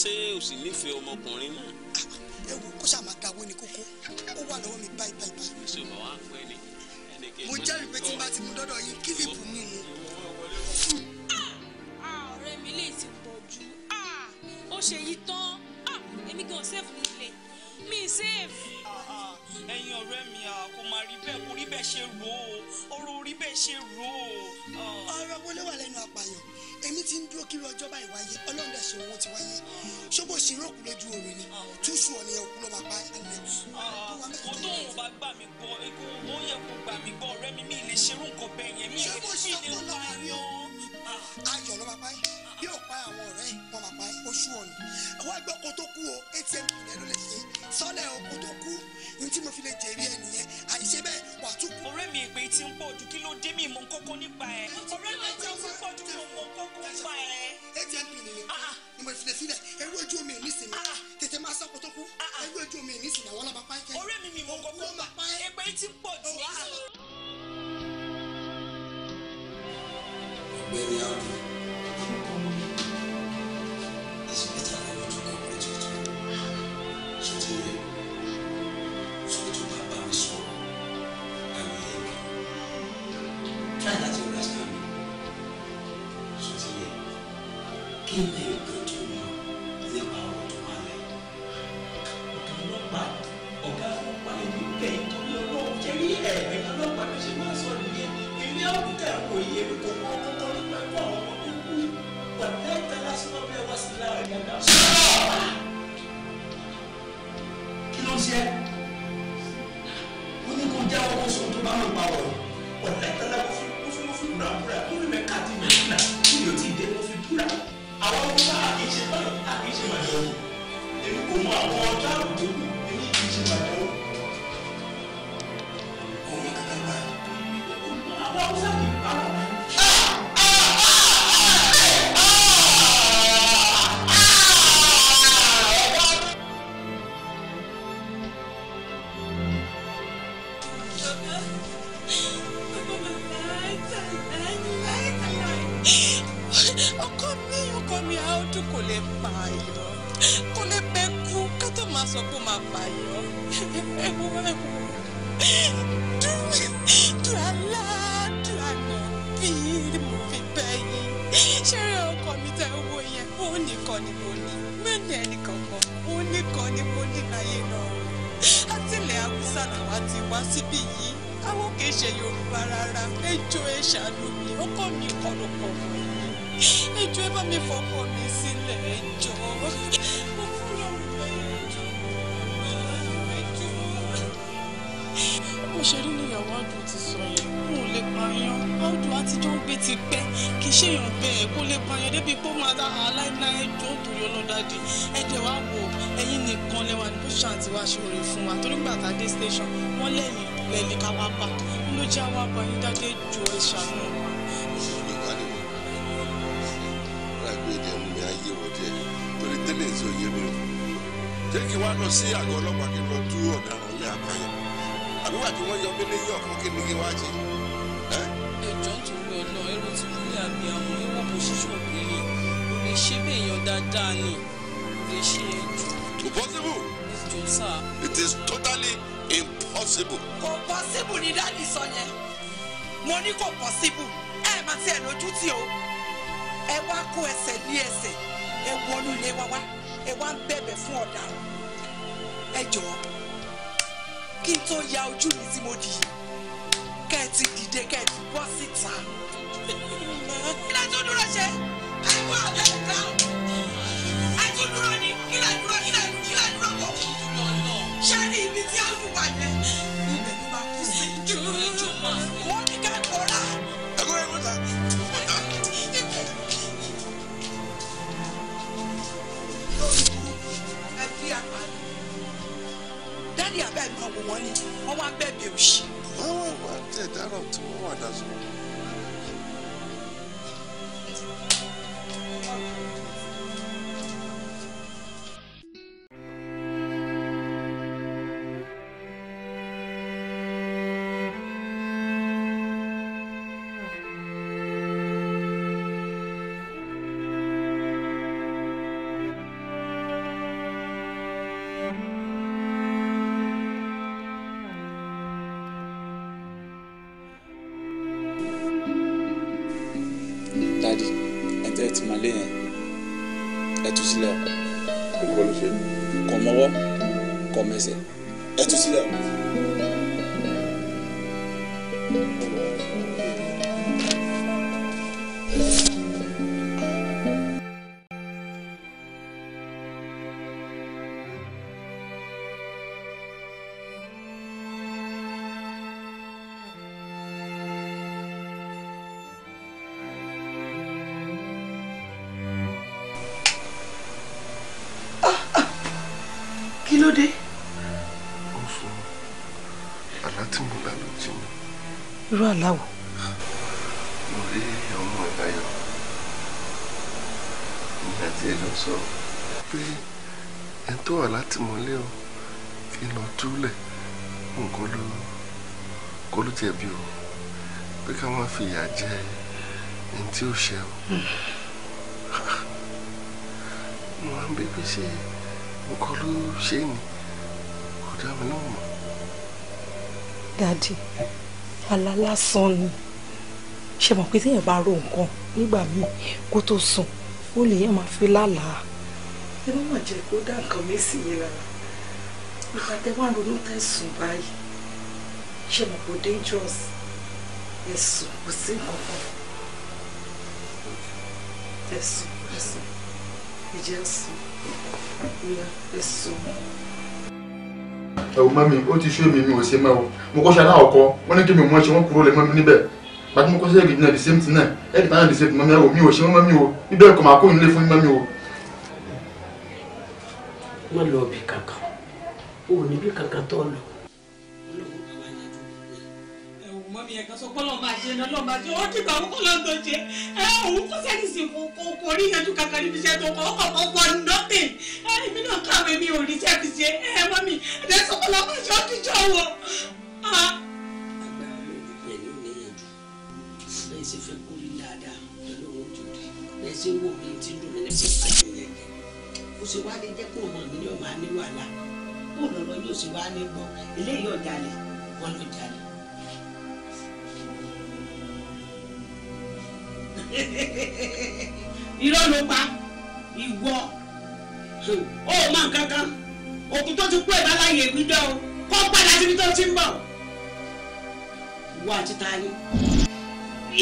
ṣé o sì nífẹ̀ẹ́ ọmọkùnrin náà. ẹ ah, wo kó sàmà gawó ni kókó ó wà lọ́wọ́ mi báyìí báyìí báyìí. èso bàbá àpẹ ni. mo jẹ́rìí pé tí n bá ti mú dọ́dọ̀ yín kílípù mi ni. Ah, ah, ọ̀rẹ́ mi lè ti pọ̀ jù ó ṣe yí tán èmi gan sẹ́ẹ̀fù nílẹ̀ mi sẹ́ẹ̀fù ẹ̀yin ọ̀rẹ́ mi à kò máa rí bẹ́ẹ̀ kò rí bẹ́ẹ̀ ṣe rò ó ọ̀rọ̀ rí bẹ́ẹ̀ ṣe rò ó. ọ̀rọ̀ wo ló wà lẹ́nu àpàyàn èmi ti ń dúró kiri ọjọ́ báyìí wáyé ọlọ́run dẹ̀ ṣe owó ti wáyé ṣọ́bọ̀ ṣì rọ́ọ̀kú lójú oore ni ah. túṣu ọ̀nà ẹ̀kú ló máa pa ilẹ̀. Ah. kò tó òun bá gbà mí gbọ́ ó yẹ kó gbà mí gbọ́ ọ̀rẹ́ mi mi ì ayọ̀ ló máa pa ẹ́ yóò pa àwọn ọ̀rẹ́ wọn máa pa ẹ́ oṣù ọ̀nà wá gbọ́ kó tó kú o atm ìyẹn ló lè ṣe sọ́lẹ̀ o tó kú ní tí mo fi lè jèrè ẹ̀ nìyẹn àìṣe bẹ́ẹ̀ wà á tún kú. ọ̀rẹ́ mi ìpè ti ń pọ̀ jù kí ló dé mi mọ̀ kókó nípa ẹ̀ ọ̀rẹ́ mi ti ń pọ̀ jù mo mọ̀ kókó nípa ẹ̀. atm ìyẹn ni mo fi lè sílẹ̀ ẹrú ojú mi nísìnyí ah, ah. tètè máa sọ tó kú ah, ẹrú ojú mi mi mi mọ̀ kókó nípa William. ẹjọ́ bíi ti pẹ́ kì í ṣèyàn bẹ́ẹ̀ kó lè pààyàn débi pé ó máa dá aláìláì ẹjọ́ torí ọlọ́dàdì ẹ̀jẹ̀ wá wò ẹ̀yìn nìkan lẹ́wà ní bóṣà àti wá ṣe òrè fún wa torí gbàtà dé station wọ́n lẹ́yìn lẹ́lẹ́ ká wá bá ló jẹ́ àwa bá yín dáadé ju ẹ̀ṣà náà jẹ́ kí wá lọ sí àgọ́ ọlọ́pàá kí wọ́n tú ọ̀daràn mi àbáyọ àbúrò àti wọ́n yọ mí léyìn ọ̀kan kí ni wá ṣe torí ọlọ́run ẹrù ti kú ní àbí àwọn ẹwà bó ṣíṣú obìnrin kò lè ṣe bí èèyàn dáadáa ni kò lè ṣe jù. impossible. jù sá. it is totally impossible. kò possible ni dáàdi sọ yẹn mo ní kò possible ẹ má tiẹ̀ lójú tì o ẹ wá kó ẹsẹ̀ ní ẹsẹ̀ ẹ wọnú ilé wa wá ẹ wá ń bẹ̀bẹ̀ fún ọ̀daràn ẹ jọ̀ọ́ kí n tó ya ojú mi tí mo dì yìí kẹ́ dìde kẹ́ bọ́ síta. Daddy, I àgbà my wọ́n ni wọ́n wá bẹ́ẹ̀ bẹ̀rù sí. wọ́n wá tẹ̀ dáràn tí wọ́n wà dá sọ́wọ́. lọ kò mọwọ́ kò mẹsẹ̀ ẹ tú sílẹ̀ o. aláwọ̀. mo rí ọmọ ìbáyọ̀ ní àti ẹ̀dọ̀ sọ pé ẹni tó wà látìmọ́lé o fi lọ túlẹ̀ nǹkan ló kó ló tiẹ̀ bí o pé ká má fi jẹ ẹni tí ó ṣe o. mo máa ń bèbè ṣe nǹkan ṣe ni kò dá mi lóhùn mọ́. dadi. Yeah àlá lásán ni ṣe mọ̀ pé téèyàn bá ro nǹkan nígbà míì kó tó sùn ó lè yẹn máa fi lálàá. ẹ má mà jẹ́ kó dá nǹkan mi sí yín lára ìgbà tẹ wá ronú tẹ sùn báyìí ṣe mọ̀ pé dangerous ẹ̀sùn kò sí nǹkan kan ẹ̀sùn ẹ̀sùn ìjẹ́sùn ìyá ẹ̀sùn ẹ̀wù mọ́ mi ó ti ṣó mi mi ò ṣe mọ́ o mo kọ́ ṣe aláwọ̀kọ́ wọ́n ní kí mi mọ́ ṣe wọ́n kúrò lè mọ́ mi níbẹ̀ gbàtí mo kọ́ ṣe èkìtì náà the same thing náà èkìtì náà the same thing mọ́ mi ẹ̀wù mi ò ṣe mọ́ mi o bíbẹ̀ ẹ̀kọ́ máa kó mi lé fún mọ́ mi o. má lọ bí kankan o ò ní bí kankan tó lọ ọmọ mi yẹn kan sọ pé ọlọ́run máa ṣe é ọlọ́run máa ṣe é ó dìgbà òun ló ń tó ṣe ẹ òun kò sẹ́ni sí kò kò rí yanjú kankan níbi iṣẹ́ tó kọ́ ọkọ̀ kan wọ nothing ẹ èmi náà káwé mi ò rí sẹ́ẹ̀fì ṣe ẹ mọ́ mi ẹ sọ pé máa ṣe ó ti jọ wọ. agbára mi ò pẹ̀lú níyànjú bẹ́ẹ̀ sì fẹ́ kórìí dáadáa pẹ̀lú ohun tó di bẹ́ẹ̀ sì wò mí tí dùn mí lẹ́sẹ̀ pàṣẹ yẹn kẹ́ kó sì wá lè jẹ́ pé ọmọ mi ní irọ́ ló pa ìwọ ó mọ nǹkan kan òkun tó ti kú ẹ̀bá láàyè gbígbẹ́ o kó padà síbi tó ti ń bọ̀ ìwọ àti ta ni.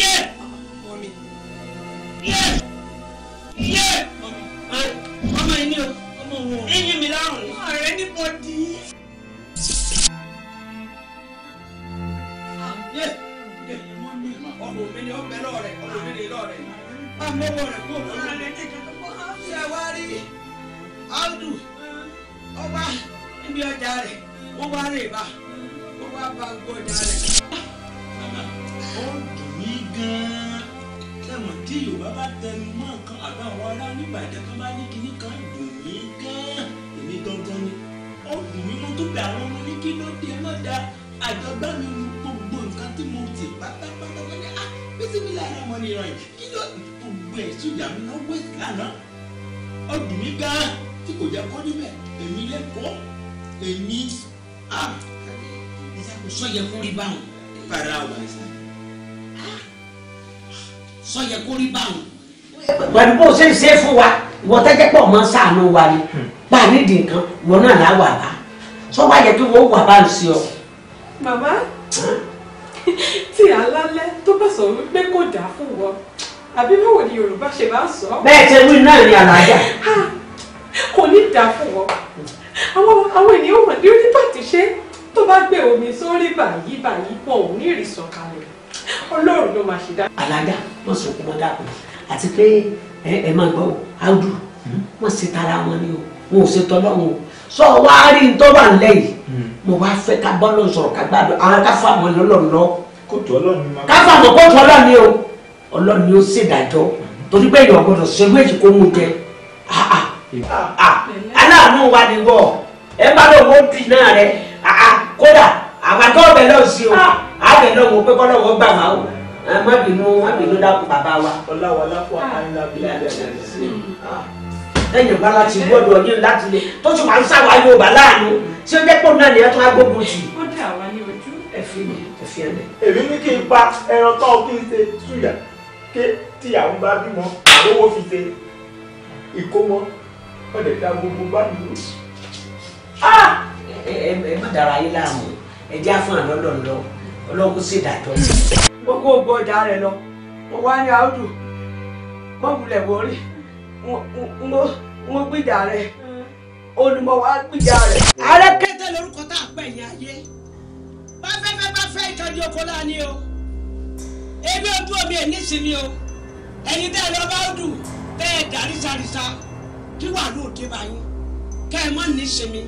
yé yé yé ọmọ yìí ni o eyín mi lọ́rùn ni. ọ̀rẹ́ ní bọ́dí. Yeah ọ̀rọ̀ mi ni ó bẹ lọ́ọ̀rẹ́ ọ̀rọ̀ mi ni lọ́ọ̀rẹ́ amọ́wọ́ rẹ̀ kó o lọ́ọ̀rẹ́ ṣe wá rí áùdù ọba níbi ọjà rẹ̀ ó wá rè bá ó wá bá gbọ́ ọjà rẹ̀. ó dùn mí gan-an tẹ̀wọ̀n tí Yorùbá bá tẹnu mọ́ nǹkan àbá àwọn ará nígbàdàn kan bá ní kinní kan dùn mí gan-an èmi gangan ni ó dùn mí mo tún bẹ àwọn ọmọ ní kí ló dé mọ́ da àjọgbá mi mu tí mo tì pátápátá wọn ni a ah, bísí mi lára ọmọ ni ìrọ̀yìn kí ló gbogbo ẹ̀ sójà mi lọ́wọ́ ìlànà ọdún mi gan tí kò jẹ́ kọ́ níbẹ̀ èmi lẹ́kọ̀ọ́ èmi a ah, sọ́yẹ kó báwọn fara wà sá ah, sọ́yẹ kó báwọn. pẹ̀lú bó ṣe ń ṣe fún wa ìwọ tẹ́jẹ́ pọ̀ mọ́ ṣàánú wa ni hmm. bá nídìí nǹkan ìwọ náà láwàá bá sọ́wọ́ àyẹ̀kí wo wà bá ń ṣe ọ. bàbá. tí alálẹ́ tó bá sọ wípé kò dáa fún wọn àbí báwo ni Yorùbá ṣe bá sọ. bẹ́ẹ̀ ṣe wí náà ni àlàyé. kò ní dáa fún wọn àwọn àwọn ènìyàn mọ̀ ní onígbà tí ṣe tó bá gbé omi sórí báyìí báyìí wọn ò ní ìrìsàn kalẹ̀ Ọlọ́run ló máa ṣe dá. àlàyé wọn sọ kó mọ dáàbò àti pé ẹ ẹ máa gbọ́ àwùjọ hmm, wọn ṣe tara wọn ni o wọn ò ṣe tọ́lọ́run o sọ wá rí n tó wà lẹ́yìn mo wá fẹ́ ká bọ́ lọ sọ̀rọ̀ ká gbádùn àwọn káfà mọ́ lọ́lọ́run náà káfà mọ́ kóòtù ọlọ́run ni o ọlọ́run ni ó ṣèdájọ́ torí pé èèyàn gbọ́dọ̀ ṣerú èjì kó mú jẹ aláàánú wa ni wọ ẹ bá lọ wọ́n bì náà rẹ kódà àbájọ́ ọbẹ̀ náà sí o àbẹ̀ náà mo pé kọ́lọ́ gbà wá o má bínú má bínú dákun bàbá wa. ọlá wa lápò àkànlá bí i àdàlẹ́ ẹ̀yìn bá láti gbọ́dọ̀ yín láti lè tó sì máa ń sáwà Yorùbá láàánú tí ó jẹ́ pọ̀ náà ni ẹ tún á gbógun tì. ó dà wá ní ojú. ẹ fi mi ẹ fi ẹlẹ. èmi ní kí n pa ẹran tó kí n ṣe túyà ké tíyàwó bá bímọ àlówó fi ṣe ìkómọ ọ̀dẹ̀ dá gbogbo bá mi ah! ẹ má dára yín láàmú ẹ já fún àná lọ́nlọ́ ọlọ́run sì dájọ́ sí. gbogbo ògbọ́jà rẹ̀ lọ mo wá ní àádùn mọ́wulẹ̀ mo gbìjà rẹ̀ hmm. olùmọ̀ wa gbìjà rẹ̀. ààrẹ kẹtẹ lórúkọ tá a pè yín ayé bá fẹ́fẹ́ bá fẹ́ ìtọ́jú oko láàánú o ebi ojú omi ẹ̀ nísìnyí o ẹ̀yin tẹ́ ẹ lọ bá dùn tẹ́ ẹ dàrísàrísà kí wàá lóde báyìí kẹ́ ẹ má nísìnyí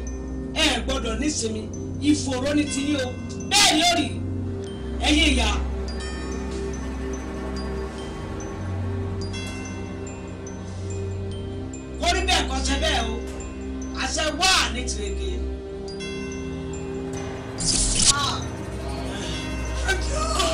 ẹ gbọ́dọ̀ nísìnyí ìfòró ni ti yín o bẹ́ẹ̀ ni ó rí ẹ̀yin ìyá. kórí bẹ́ẹ̀ kọ́ ṣe bẹ́ẹ̀ o àṣẹ wà ní tìrẹ̀kì. Ah!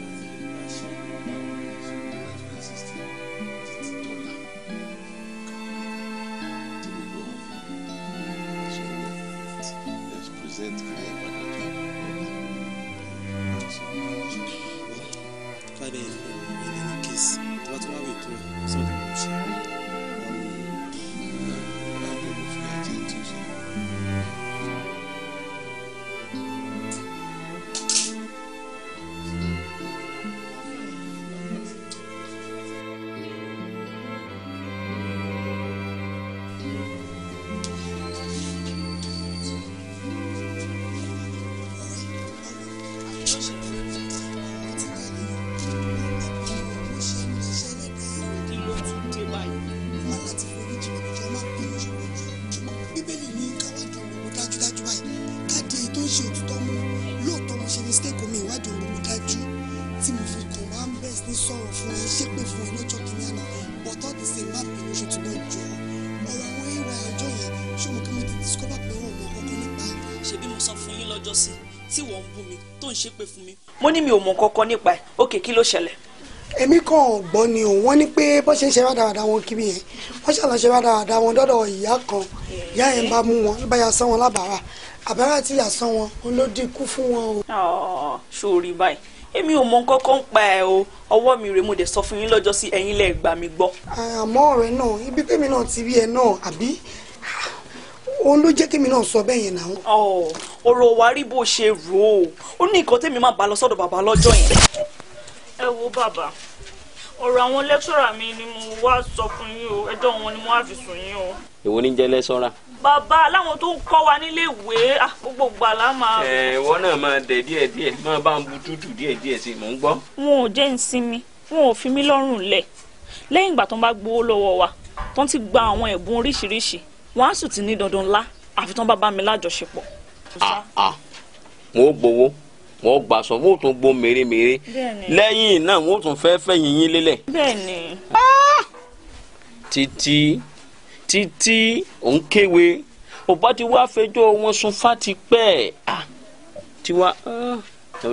mo ní mi ò mọ kankan nípa ẹ̀ òkè kí ló ṣẹlẹ̀. èmi kàn gbọ́ ni òun wọ́n ní pé bọ́n ṣe ń ṣe rádaràda wọn kiri yẹn wọ́n ṣàlọ́ ṣe rádaràda wọn dọ́dọ̀ ìyá kan ìyá yẹn bá mú wọn bá ya sán wọn lábàárà àbára tí ya sán wọn ló dín kú fún wọn o. ṣòrí báyìí èmi ò mọ kankan pa ẹ o ọwọ́ mi rèé mo dẹ̀ sọ fún yín lọ́jọ́ sí ẹ̀yin lẹ gbà mí gbọ́. àmọ́ ọ̀rẹ́ náà ibi tèmi náà ti rí ẹ náà àbí òun ló jẹ́ kémi náà sọ bẹ́ẹ̀ yẹn náà. ọ̀rọ̀ wa rí bó ṣe rò ó ó ní nǹkan tẹ́mi máa bá lọ sọ́dọ̀ bàbá lọ́jọ́ yẹn. ẹ wo bàbá ọ̀rọ̀ àwọn lẹ́kṣọ́rà mi ni mo wá sọ fún yín o ẹjọ́ wọn ni mo wá fi sùn yín o. èwo ní jẹ́ lẹ́sọ́rà. bàbá aláwọn tó ń kọ́ wa nílé ìwé gbogbo gbàlá máa. ẹ ìwọ náà máa dẹ díẹ̀ díẹ̀ máa bá ń bu tútù díẹ̀ díẹ̀ sí mò ń gbọ́. wọn ò jẹ́ ìsinmi wọn ò fi mí lọ́rùn lẹ̀ lẹ́yìn ìgbà tó ń bá gbowó lọ́wọ́ wa tó ń ti gba àwọn ẹ̀bùn oríṣiríṣi wọn á sùn ti ní dandan ńlá àfi tán bá bá mi lájọṣepọ̀. Ah, ah. wọn ò gbowó wọn ò gbà sọ wọn ò tún gbó mèremère lẹ́yìn náà wọn ò tún fẹ́ fẹ́ yìnyín lélẹ̀. bẹ́ẹ̀ni. Ah! títí títí òun kéwe ò bá ti wá fẹjọ́ wọn sùn fati pẹ́ tí wá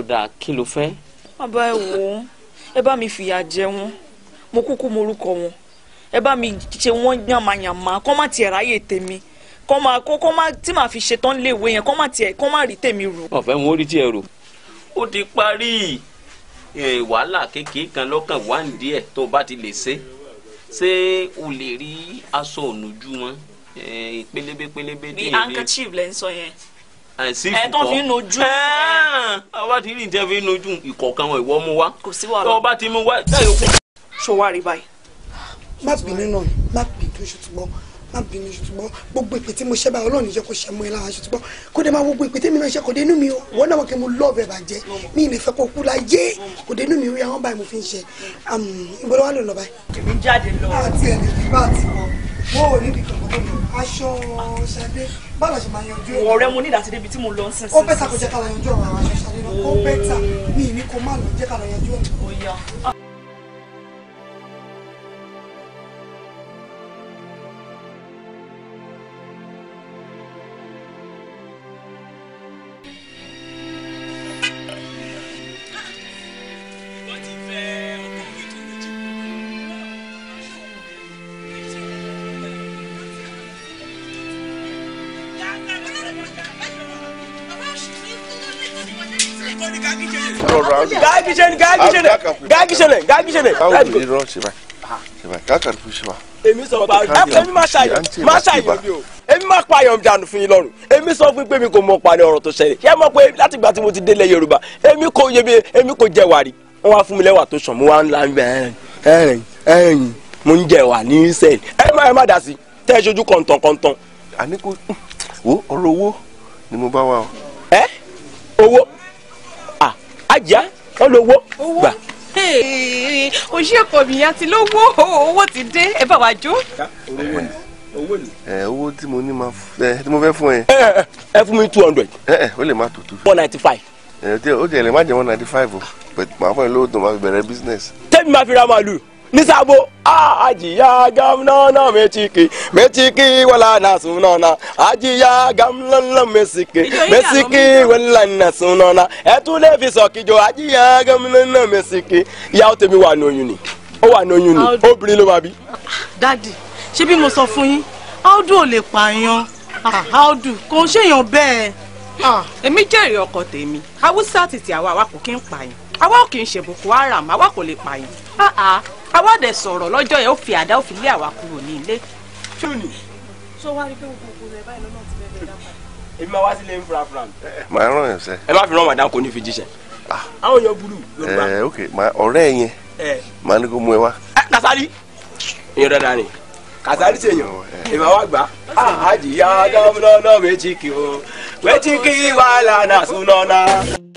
dáa kí ló fẹ́. bàbá ẹ wò ó ẹ bá mi fìyà jẹ wọn mo kúkú morúkọ wọn ẹ bá mi ṣe wọ́n yàmàyàmà kọ́ má tiẹ̀ ráyè tèmi kọ́ má kó kọ́ má tí màá fi ṣetán léèwé yẹn kọ́ má tiẹ̀ kọ́ má rí tèmi rò. ọ̀fẹ́ wọn ò rí tiẹ̀ rò. ó ti parí wàhálà kékeré kan lọ́kàn wá ń díẹ̀ tó bá ti lè ṣe ṣé o lè rí aṣọ ònújú wọn pélébé pélébé dé ilé. bí handkerchief lẹ́ ń sọ yẹn àìsí ìfúkọ ẹ tó fi nojú. ọba ti rí ìjẹun fi nojú ìkọ̀ọ̀kan ìwọ mú wa. kò sí wàhálà. tọ́ ọba ti mú wa. ṣọwárí báyìí má bínú náà ni má bínú ṣùtúbọ má bínú ṣùtúbọ gbogbo ìpè tí mo ṣe báyìí Ọlọ́run ìjẹ́ kó ṣe mọ́ ẹ ṣùtúbọ kó dé máa gbogbo ìpè tí mi máa ṣe kò dé inú mi o wọ́n náà wọ́n kí mo lọ́ọ̀bẹ̀ bàjẹ́ mi ìlẹ̀ fẹ́ kó kú láyé kò dé inú mi rí àwọn báyìí mo fi ń ṣe ìgbọ́dọ̀ wà ló báyìí. èmi jáde lọ. àti ẹ̀ wọ́n ò ní ibi kankan tó lọ aṣọ ṣadé báwo ṣe máa yanjú ẹ. ọ̀rẹ́ mo ní láti débi tí mo lọ ń sìn sí. ó bẹ́tà kó jẹ́ ká lọ yanjú ọ̀rọ̀ àwọn aṣọ ṣadé náà ó bẹ́tà mi ì ní kó má lọ jẹ́ ká lọ yanjú ọ̀rọ̀. lọ́rọ̀ àwọn. gáàgì ṣẹlẹ̀ gáàgì èmi máa pa àyàn dànù fún yín lọ́rùn èmi sọ fún pé mi kò mọ parí ọ̀rọ̀ tó ṣẹlẹ̀ ṣé mọ̀ pé láti ìgbà tí mo ti délẹ̀ Yorùbá èmi kò yebe èmi kò jẹ wàrí wọn wá fún mi lẹ́wà tó sàn mo wá ń la ẹ̀rìn ẹ̀rìn mo ń jẹ ní sẹ́ẹ̀lì ẹ má ẹ má dà sí tẹ́ ẹ ṣojú kọ̀ǹtàn kọ̀ǹtàn. wo ọ̀rọ̀ owó ni mo bá wà ẹ owó ajá ọlọwọ gbà. òṣìṣẹ́ ọkọ mi àti lówó owó ti dé ẹ bá wa jó. owó tí mo ní máa fẹ́ tí mo fẹ́ fún ẹ. ẹ fún mi two hundred. ẹ ẹ o lè má tó two. one ninety five. ẹ o jẹ ẹ lè má jẹ one ninety five o but màá fọ ẹ lóòótọ́ máa fi bẹ̀rẹ̀ business. tẹ́mi máa fi ra màálù ni sabo ah, ajiya gam nana metiki metiki wala na sunana ajiya gam lọlọ mesike mesike wala na sunana ẹtún lè fi sọkijọ ajiya gam lọlọ mesike ìyàwó tèmi wà n'oyún ni ó wà n'oyún ni obìnrin ló máa bí. dadi ṣé bí mo sọ fún yín áódù ò lè pààyàn áódù ah, kò ń ṣèyàn bẹ́ẹ̀. Ah, èmi jẹ́rìí ọkọ tèmi haúsá títí àwa àwa kò kí ń pààyàn àwa ò kì í ṣe boko haram àwa kò lè pààyàn awọ́dẹ sọ̀rọ̀ lọ́jọ́ yẹn ó fi àdá ó fi lé àwa kúrò ní ilé. tóní. sọ wá rí pé gbogbo gbogbo báyìí lọ́nà ti bẹ́ẹ̀ bẹ́ẹ̀ dápá. èmi máa wá sílé ń fura fura. màá yẹn fi ràn wàdà kó ní fi jíṣẹ. Ah. àwọn yóò burú yorùbá. Eh, ẹ yẹn Kasali eh, ni Kasali ṣèyàn oh, eh. èmi gbà náà méjì kì í